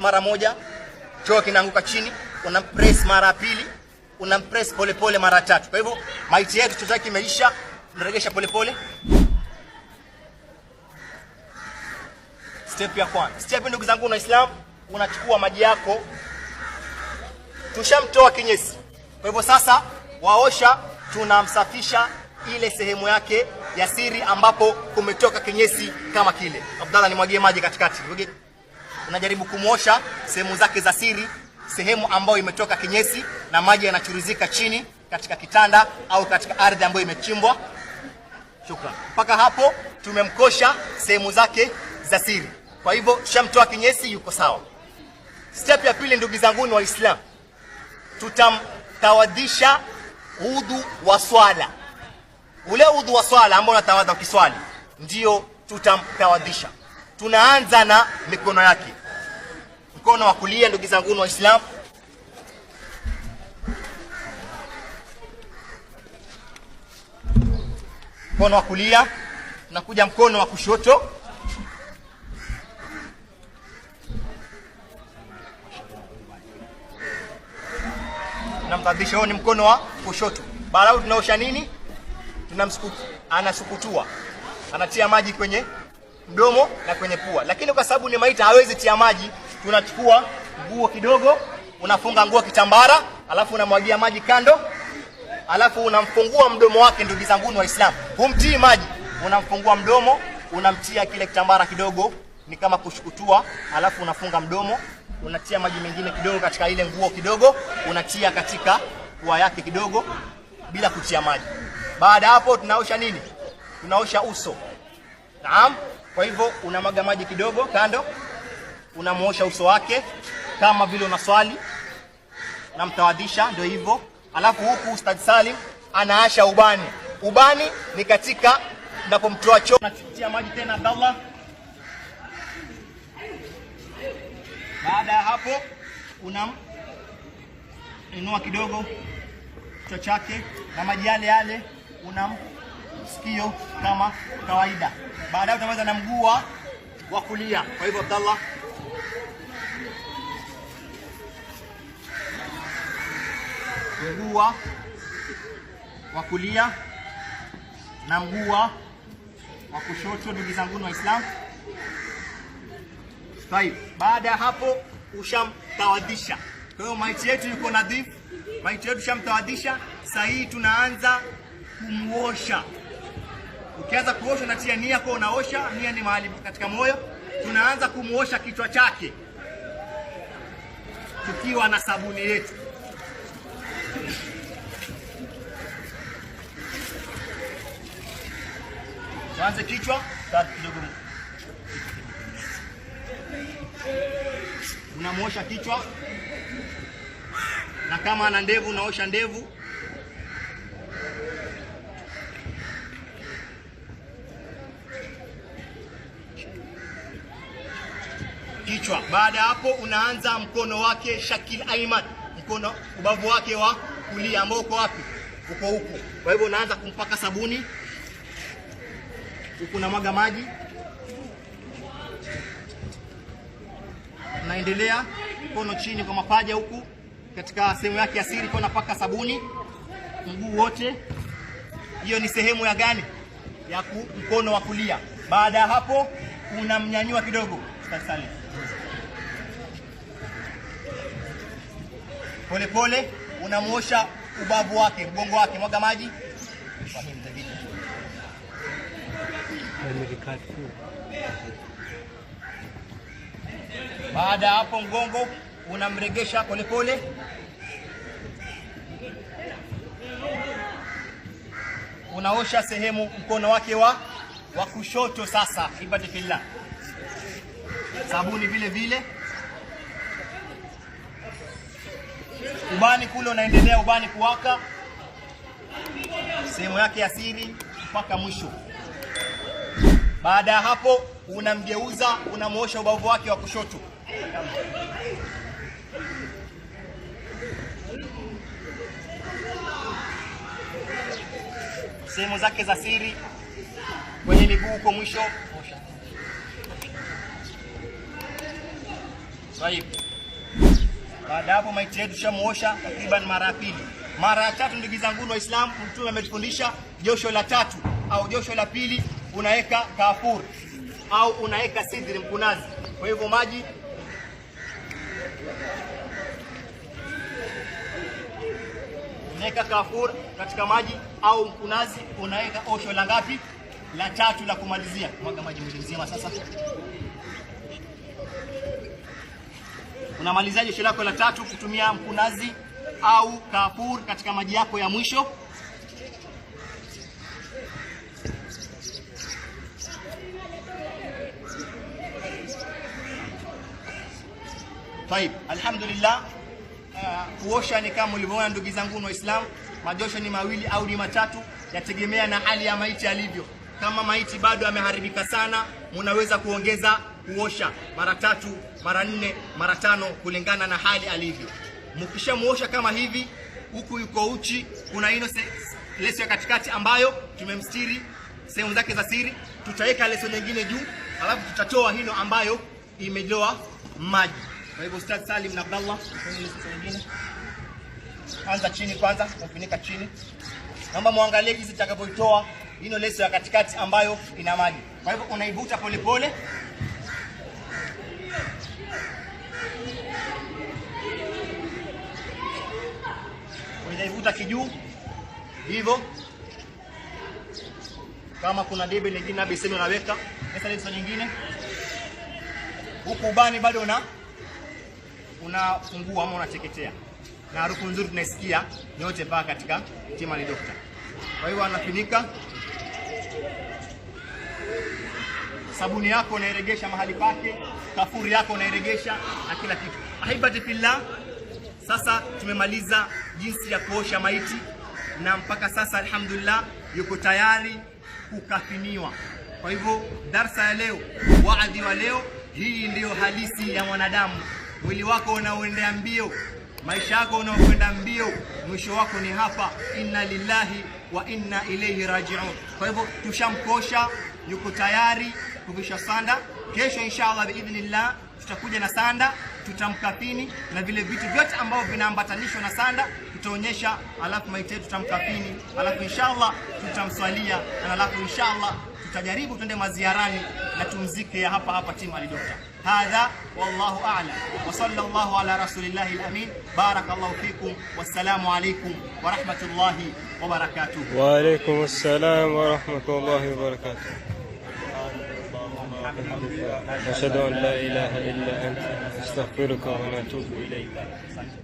mara moja, choo kinaanguka chini, press mara pili, pole polepole mara tatu. Kwa hivyo maiti yetu choo chake imeisha, unaregesha pole. Step ya kwanza. Step ndugu zangu na Islam, unachukua maji yako, tushamtoa kinyesi. Kwa hivyo sasa waosha, tunamsafisha ile sehemu yake ya siri ambapo kumetoka kinyesi kama kile. Abdalla, nimwagie maji katikati unajaribu kumwosha sehemu zake za siri, sehemu ambayo imetoka kinyesi na maji yanachuruzika chini katika kitanda au katika ardhi ambayo imechimbwa. Shukran. Mpaka hapo tumemkosha sehemu zake za siri, kwa hivyo tushamtoa kinyesi, yuko sawa. Step ya pili, ndugu zangu ni Waislamu, tutamtawadhisha udhu wa swala. Ule udhu wa swala ambao unatawadha ukiswali, ndio tutamtawadhisha. Tunaanza na mikono yake mkono wa kulia, ndugu zangu Waislamu, mkono wa kulia. Tunakuja mkono wa kushoto, tunamkadhisha. Huo ni mkono wa kushoto. Baadaye tunaosha nini? Tunamsukutu, anasukutua, anatia maji kwenye mdomo na kwenye pua, lakini kwa sababu ni maiti hawezi tia maji tunachukua nguo kidogo, unafunga nguo kitambara, alafu unamwagia maji kando, alafu unamfungua mdomo wake. Ndugu zangu Islam, humtii maji, unamfungua mdomo, unamtia kile kitambara kidogo, ni kama kushukutua, alafu unafunga mdomo, unatia maji mengine kidogo katika ile nguo kidogo, unatia katika pua yake kidogo, bila kutia maji. Baada hapo tunaosha nini? Tunaosha uso. Naam. Kwa hivyo unamwaga maji kidogo kando unamwosha uso wake kama vile unaswali, namtawadhisha, ndio hivyo. Alafu huku Ustadh Salim anaasha ubani. Ubani ni katika napomtoa choo, natia maji tena Abdallah. Baada ya hapo, unaminua kidogo kichwa chake na maji yale yale unam sikio kama kawaida. Baadaye utaweza na mguu wa kulia. Kwa hivyo Abdallah mguu wa kulia na mguu wa kushoto, ndugu zangu Waislamu. Tayib, baada ya hapo ushamtawadhisha. Kwa hiyo maiti yetu yuko nadhifu, maiti yetu ushamtawadhisha. Sasa hii tunaanza kumuosha. Ukianza kuosha, natia nia kwa unaosha, nia ni mahali katika moyo tunaanza kumuosha kichwa chake tukiwa na sabuni yetu. Tuanze kichwa kidogo, unamuosha kichwa, na kama ana ndevu unaosha ndevu. kichwa. Baada ya hapo, unaanza mkono wake Shakil Aiman, mkono ubavu wake wa kulia ambao uko wapi? Uko huko. Kwa hivyo unaanza kumpaka sabuni huku, mwaga maji, unaendelea mkono chini kwa mapaja huku, katika sehemu yake ya siri kwa napaka sabuni mguu wote. Hiyo ni sehemu ya gani? Ya mkono wa kulia. Baada ya hapo unamnyanyua kidogo. Asante. polepole, unamwosha ubavu wake, mgongo wake, mwaga maji baada ya hapo, mgongo unamregesha polepole. Unaosha sehemu mkono wake wa wa kushoto sasa, ibadilillah sabuni vile vile. ubani kule unaendelea ubani kuwaka sehemu yake ya mpaka mwisho. Baada ya hapo, unamgeuza unamwosha ubavu wake wa kushoto sehemu zake za siri kwenye miguu huko mwisho. Osha. Baada hapo maiti yetu tushamuosha takriban mara ya pili. Mara ya tatu, ndugu zangu Islam, Mtume ametufundisha josho la tatu au josho la pili unaweka kafur au unaweka sidri mkunazi. Kwa hivyo maji unaweka kafur katika maji au mkunazi, unaweka osho la ngapi? La tatu, la kumalizia. Mwaga maji mwili mzima sasa. unamalizia josho lako la tatu kutumia mkunazi au kapur katika maji yako ya mwisho. Taib, alhamdulillah. Uh, kuosha ni kama ulivyoona ndugu zangu Waislamu, majosho ni mawili au ni matatu, yategemea na hali ya maiti alivyo. Kama maiti bado ameharibika sana, munaweza kuongeza kuosha mara tatu mara nne, mara tano kulingana na hali alivyo. Mkishamuosha kama hivi, huku yuko uchi, kuna ino leso ya katikati ambayo tumemstiri sehemu zake za siri, tutaweka leso nyingine juu, alafu tutatoa hino ambayo imejoa maji. Kwa hivyo Ustadh Salim na Abdallah, nyingine anza chini kwanza, kufunika chini. Naomba muangalie jinsi tutakapoitoa hino leso ya katikati ambayo ina maji. Kwa hivyo unaivuta polepole pole. nitaivuta kijuu hivyo. Kama kuna debe lingine labda iseme naweka pesa hizo nyingine huku, ubani bado una unafungua ama unateketea, na harufu nzuri tunaisikia yote mpaka katika ni dokta. Kwa hiyo anafinika sabuni yako unairegesha mahali pake, kafuri yako unairegesha na kila kitu. ahibati fillah sasa tumemaliza jinsi ya kuosha maiti na mpaka sasa alhamdulillah yuko tayari kukafiniwa. Kwa hivyo darsa ya leo, waadhi wa leo, hii ndiyo halisi ya mwanadamu. Mwili wako unaoendea mbio, maisha yako unaokwenda mbio, mwisho wako ni hapa. Inna lillahi wa inna ilaihi rajiun. Kwa hivyo tushamkosha, yuko tayari kuvisha sanda. Kesho inshallah biidhnillah tutakuja na sanda pini na vile vitu vyote ambavyo vinaambatanishwa na sanda tutaonyesha, alafu maiti yetu pini, alafu inshallah tutamswalia, na alafu inshallah tutajaribu twende maziarani na tumzike hapa hapa timu alidokta hadha. Wallahu a'lam wa sallallahu ala rasulillahi alamin. Barakallahu fikum, wassalamu alaykum wa rahmatullahi wa barakatuh. Wa alaykum assalam wa rahmatullahi wa barakatuh. أشهد أن لا إله إلا أنت أستغفرك ونتوب إليك